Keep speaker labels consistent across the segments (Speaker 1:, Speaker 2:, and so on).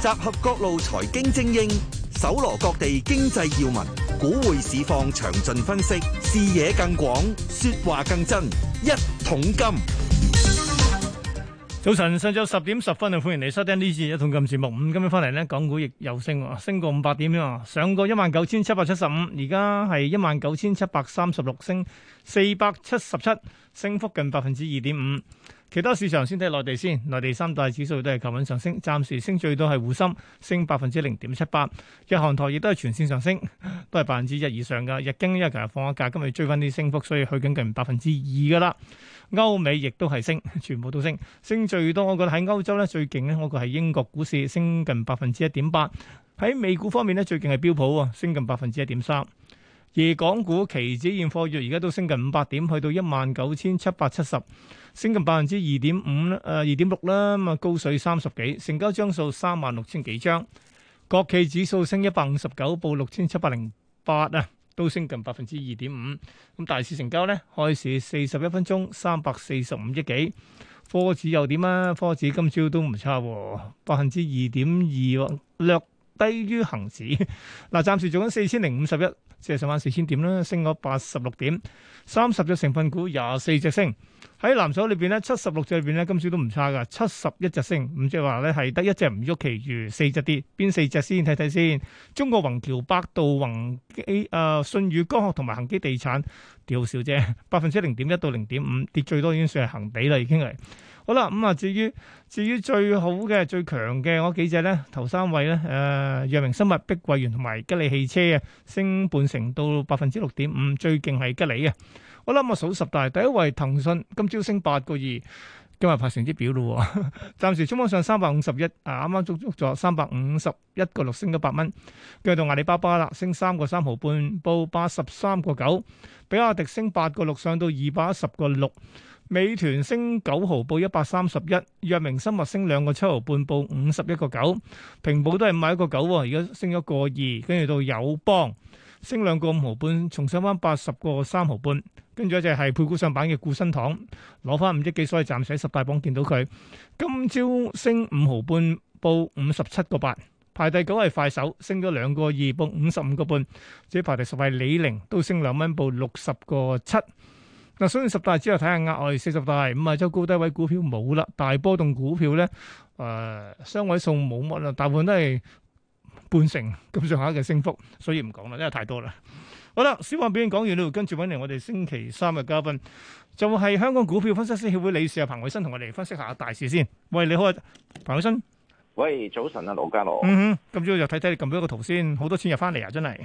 Speaker 1: 集合各路財經精英，搜羅各地經濟要聞，股匯市況詳盡分析，視野更廣，說話更真。一桶金，早晨，上晝十點十分啊！歡迎你收聽呢次一桶金節目。咁今日翻嚟咧，港股亦有升，升過五百點啊，上過一萬九千七百七十五，而家係一萬九千七百三十六，升四百七十七，升幅近百分之二點五。其他市場先睇內地先，內地三大指數都係求穩上升，暫時升最多係滬深，升百分之零點七八。日韓台亦都係全線上升，都係百分之一以上噶。日經一日，日，日放一假，今日追翻啲升幅，所以去緊近百分之二噶啦。歐美亦都係升，全部都升，升最多。我覺得喺歐洲咧最勁咧，嗰個係英國股市升近百分之一點八。喺美股方面咧，最勁係標普啊，升近百分之一點三。夜港股期指現貨月而家都升近五百點，去到一萬九千七百七十，升近百分之二點五啦，誒二點六啦。咁啊，高水三十幾，成交張數三萬六千幾張。國企指數升一百五十九，報六千七百零八啊，都升近百分之二點五。咁大市成交咧，開市四十一分鐘三百四十五億幾。科指又點啊？科指今朝都唔差，百分之二點二，略低於恒指。嗱，暫時做緊四千零五十一。即係上萬四千點啦，升咗八十六點，三十隻成分股廿四隻升。喺藍籌裏邊咧，七十六隻裏邊咧，今次都唔差噶，七十一隻升，咁即係話咧係得一隻唔喐，其餘四隻跌，邊四隻先睇睇先。中國宏橋、百度、宏基、誒、呃、舜宇光學同埋恒基地產掉少啫，百分之零點一到零點五，跌最多已經算係恒地啦，已經係。好啦，咁、嗯、啊，至於至於最好嘅、最強嘅嗰幾隻咧，頭三位咧，誒、呃，藥明生物、碧桂園同埋吉利汽車啊，升半成到百分之六點五，最勁係吉利啊。我諗，我數十大，第一位騰訊今朝升八個二，今日派成績表咯。暫時中港上三百五十一，啊啱啱足足咗三百五十一個六，升咗八蚊。跟住到阿里巴巴啦，升三個三毫半，報八十三個九。比亞迪升八個六，上到二百十個六。美團升九毫，報一百三十一。藥明生物升兩個七毫半，報五十一個九。平保都係五百個九，而家升咗個二。跟住到友邦。升兩個五毫半，重上翻八十個三毫半，跟住一隻係配股上板嘅固生堂，攞翻五億幾，所以暫時喺十大榜見到佢。今朝升五毫半，報五十七個八，排第九係快手，升咗兩個二，報五十五個半。再排第十係李寧，都升兩蚊，報六十個七。嗱，所以十大之後睇下額外四十大，五啊，周高低位股票冇啦，大波動股票咧，誒雙位數冇乜啦，大部分都係半成咁上下嘅升幅，所以唔講啦，真係太多啦。好啦，小話俾你講完啦，跟住揾嚟我哋星期三嘅嘉賓，就係、是、香港股票分析師協會理事啊彭偉新，同我哋分析下大市先。喂，你好
Speaker 2: 啊，彭偉新。喂，早晨啊，盧家樂。嗯哼，
Speaker 1: 咁朝就睇睇你撳咗個圖先，好多錢入翻嚟啊，真
Speaker 2: 係。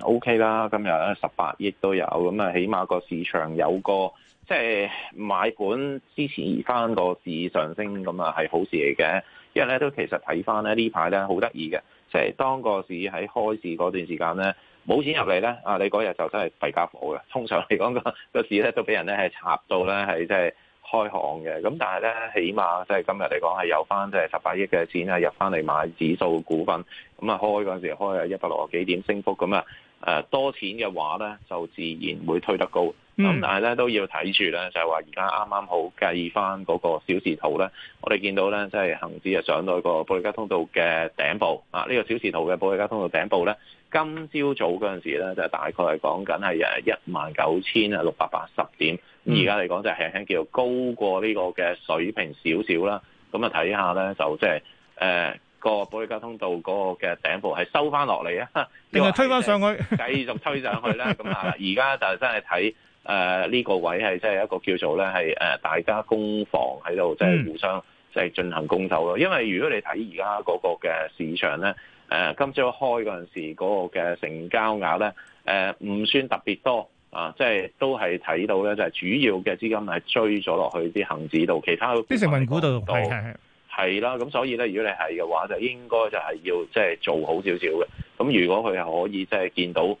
Speaker 2: O K 啦，今日十八億都有，咁啊，起碼個市場有個即係買盤支持翻個市上升，咁啊係好事嚟嘅。因為咧都其實睇翻咧呢排咧好得意嘅。即係當個市喺開市嗰段時間咧，冇錢入嚟咧，啊你嗰日就真係弊傢伙嘅。通常嚟講個個市咧都俾人咧係插到咧係即係開行嘅。咁但係咧，起碼即係今日嚟講係有翻即係十八億嘅錢係入翻嚟買指數股份，咁啊開嗰陣時開係一百六十幾點升幅咁啊。誒多錢嘅話咧，就自然會推得高。咁、嗯、但係咧都要睇住咧，就係話而家啱啱好計翻嗰個小時圖咧，我哋見到咧即係恆指啊上到個保歷加通道嘅頂部啊，呢、這個小時圖嘅保歷加通道頂部咧，今朝早嗰陣時咧就是、大概係講緊係誒一萬九千啊六百八十點。而家嚟講就輕輕叫高過呢個嘅水平少少啦。咁啊睇下咧就即係誒。呃個保歷加通道嗰個嘅頂部係收翻落嚟啊，定
Speaker 1: 係推翻上去，
Speaker 2: 繼續推上去咧？咁啊，而家就真係睇誒呢個位係真係一個叫做咧係誒大家攻防喺度，即、就、係、是、互相即係進行攻守咯。嗯、因為如果你睇而家嗰個嘅市場咧，誒、呃、今朝開嗰陣時嗰、那個嘅成交額咧，誒、呃、唔算特別多啊，即、就、係、是、都係睇到咧就係主要嘅資金係追咗落去啲恒指度，其他啲成
Speaker 1: 分股度，係都
Speaker 2: 係啦，咁所以咧，如果你係嘅話，就應該就係要即係、就是、做好少少嘅。咁如果佢係可以即係、就是、見到誒嗰、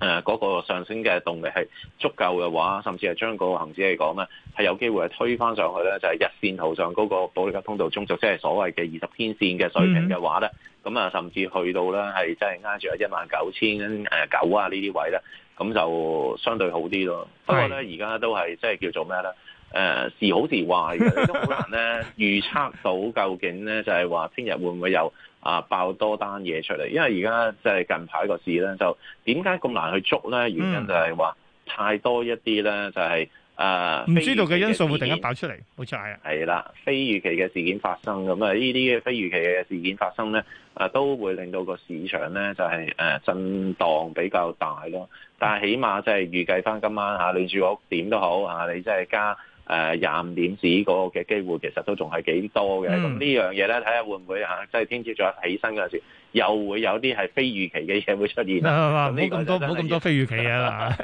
Speaker 2: 呃那個上升嘅動力係足夠嘅話，甚至係將個恆指嚟講咧，係有機會係推返上去咧，就係、是、日線圖上嗰個保歷加通道中軸，即、就、係、是、所謂嘅二十天線嘅水平嘅話咧，咁啊，甚至去到咧係即係挨住一萬九千誒九啊呢啲位咧，咁就相對好啲咯。的不過咧，而家都係即係叫做咩咧？誒，是、呃、好是壞嘅，你都好難咧預測到究竟咧就係話聽日會唔會有啊爆多單嘢出嚟？因為而家即係近排個市咧，就點解咁難去捉咧？原因就係、是、話太多一啲咧，就係誒唔知道嘅因素會突然間
Speaker 1: 爆出嚟，冇錯係。
Speaker 2: 係啦，非預期嘅事件發生，咁啊呢啲非預期嘅事件發生咧，啊都會令到個市場咧就係、是、誒、啊、震盪比較大咯。但係起碼即係預計翻今晚吓、啊，你住屋點都好啊，你即係加。誒，廿五點止嗰個嘅機會其實都仲係幾多嘅，咁、嗯、呢樣嘢咧睇下會唔會嚇，即、就、係、是、聽朝再起身嗰陣時，又會有啲係非預期嘅嘢會出現。唔冇咁多，唔好咁多非預期嘢啦。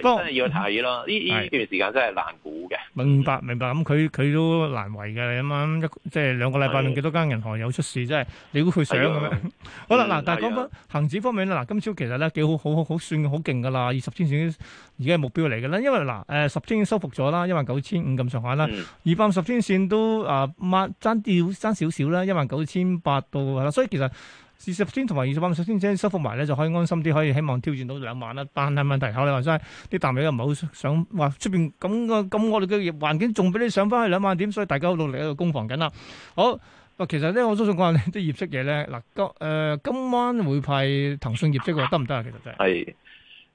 Speaker 2: 不過真係要睇咯，依呢的段時間真係難估。
Speaker 1: 明白明白，咁佢佢都難為嘅咁啊！即係兩個禮拜，幾多間銀行有出事？的即係，你估佢想咁樣？
Speaker 2: 好
Speaker 1: 啦吧，嗱、嗯，但係講翻恆指方面咧，嗱，今朝其實咧幾好好好，好算好勁㗎啦，二十天線已經係目標嚟嘅啦。因為嗱，誒十天已經收復咗啦，一萬九千五咁上下啦，二百五十天線都啊掹爭少爭少少啦，呃、一萬九千八到啦，所以其實。四十天同埋二十萬首先先收復埋咧，就可以安心啲，可以希望挑戰到兩萬啦。但係問題，我哋話齋啲淡友又唔係好想話出邊咁個咁惡嘅業環境，仲俾你上翻去兩萬點，所以大家好努力喺度攻防緊啦。好，嗱，其實咧我都想講下啲業績嘢咧。嗱、呃，今誒今晚會派騰訊業績話得唔得啊？其實就係。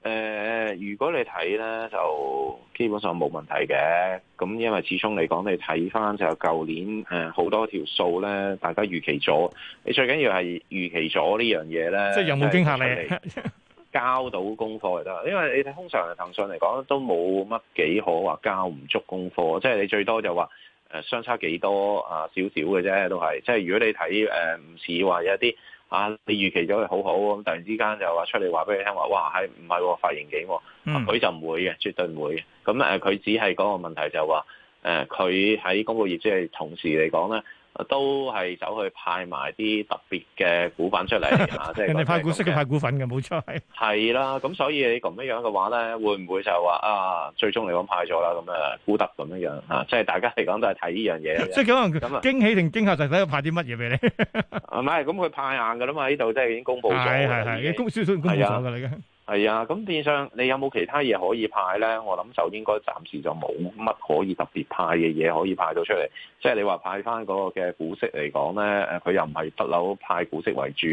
Speaker 2: 誒、呃，如果你睇呢，就基本上冇問題嘅。咁因為始終嚟講，你睇翻就舊年誒好、呃、多條數呢，大家預期咗。你最緊要係預期咗呢樣嘢呢，即係有冇驚嚇你？ 交到功課就得，因為你睇通常嚟騰訊嚟講都冇乜幾可話交唔足功課，即係你最多就話誒、呃、相差幾多少啊少少嘅啫，都係。即係如果你睇誒，唔似話有一啲。啊！你預期咗佢好好，咁突然之間就話出嚟話俾你聽話，哇！係唔係發盈警？佢、嗯、就唔會嘅，絕對唔會嘅。咁誒，佢只係嗰個問題就話誒，佢喺嗰個業績同時嚟講咧。都係走去派埋啲特別嘅股份出嚟嚇，即係你
Speaker 1: 派股息嘅派股份嘅，冇錯。
Speaker 2: 係啦， 咁所以你咁樣樣嘅話咧，會唔會就話啊？最終嚟講派咗啦，咁啊，估得咁樣樣嚇，即係大家嚟講都係睇呢樣嘢。 即係可能
Speaker 1: 驚喜定驚嚇，就睇佢派啲乜嘢俾你。
Speaker 2: 唔 係、啊，咁佢派硬嘅啦嘛，呢度即係已經公佈咗。係係 公消
Speaker 1: 息都公佈咗嘅啦。的
Speaker 2: 係啊，咁變相你有冇其他嘢可以派呢？我諗就應該暫時就冇乜可以特別派嘅嘢可以派到出嚟。即係你話派翻嗰個嘅股息嚟講呢，誒佢又唔係不嬲派股息為主，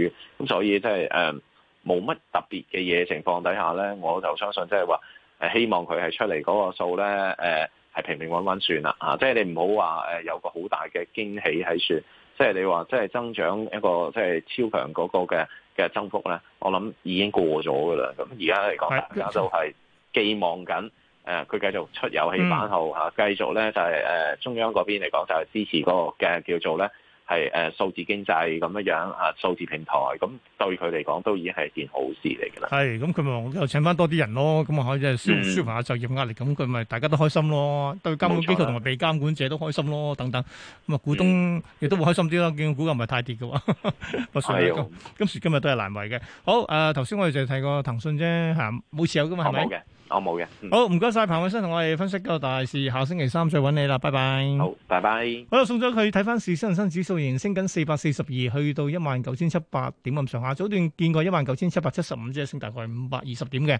Speaker 2: 咁所以即係誒冇乜特別嘅嘢情況底下呢，我就相信即係話誒希望佢係出嚟嗰個數呢，誒、呃、係平平穩穩算啦嚇、啊。即係你唔好話誒有個好大嘅驚喜喺算。即係你話，即係增長一個即係超強嗰個嘅嘅增幅咧，我諗已經過咗噶啦。咁而家嚟講，大家都係寄望緊，誒、呃，佢繼續出遊戲版號嚇，繼續咧就係、是、誒、呃、中央嗰邊嚟講就係支持嗰個嘅叫做咧。係誒，數、呃、字經濟咁樣樣啊，數字平台咁對佢嚟講都已經係件好事嚟噶
Speaker 1: 啦。係，咁佢咪又請翻多啲人咯？咁啊，可以即係舒舒緩下就業壓力。咁佢咪大家都開心咯，嗯、對監管機構同埋被監管者都開心咯，等等。咁啊、嗯，股東亦都會開心啲咯，見股價唔係太跌嘅。我信你，今時今日都係難為嘅。好誒，頭、呃、先我哋就睇過騰訊啫，吓冇持有嘅，嘛，係咪？我冇嘅，嗯、好唔該晒彭偉新同我哋分析個大事，下星期三再揾你啦，拜拜。好，拜拜。好啦，送咗佢睇翻市，新恒生指數連升緊四百四十二，去到一萬九千七百點咁上下、啊。早段見過一萬九千七百七十五即係，升大概五百二十點嘅。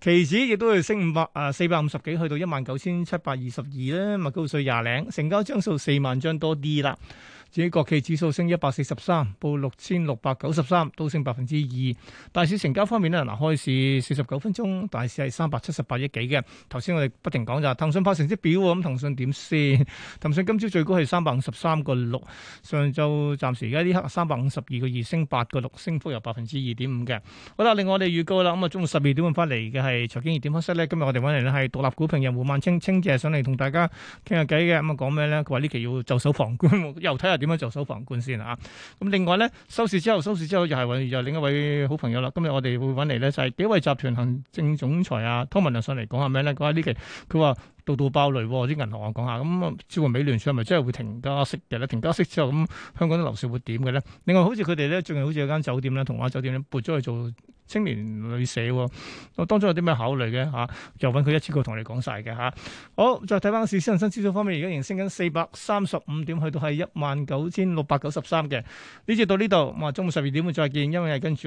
Speaker 1: 期指亦都係升五百啊，四百五十幾，去到一萬九千七百二十二咧，咪高水廿零。成交張數四萬張多啲啦。自己國企指數升一百四十三，報六千六百九十三，都升百分之二。大市成交方面咧，嗱開市四十九分鐘，大市係三百七十八億幾嘅。頭先我哋不停講就係騰訊派成績表喎，咁騰訊點先？騰訊今朝最高係三百五十三個六，上晝暫時而家呢刻三百五十二個二，升八個六，升幅有百分之二點五嘅。好啦，另外我哋預告啦，咁啊中午十二點翻嚟嘅係財經熱點分析咧，今日我哋揾嚟咧係獨立股評人胡孟青，青姐上嚟同大家傾下偈嘅。咁啊講咩咧？佢話呢期要就手防觀，又睇下。點樣做收房官先啊？咁、嗯、另外咧，收市之後，收市之後又係又另一位好朋友啦。今日我哋會揾嚟咧，就係幾位集團行政總裁啊，湯文亮上嚟講下咩咧？講下呢期佢話度度爆雷喎、啊，啲銀行啊，講下咁啊、嗯，似乎美聯儲係咪真係會停加息嘅咧？停加息之後咁、嗯，香港啲樓市會點嘅咧？另外，好似佢哋咧，最近好似有間酒店咧，同華酒店咧，撥咗去做青年旅社，我當中有啲咩考慮嘅嚇、啊，就揾佢一次過同你講晒嘅嚇。好，再睇翻市，恒生指數方面，而家上升緊四百三十五點，去到係一萬九千六百九十三嘅。呢次到呢度，我中午十二點會再見，因為係跟住。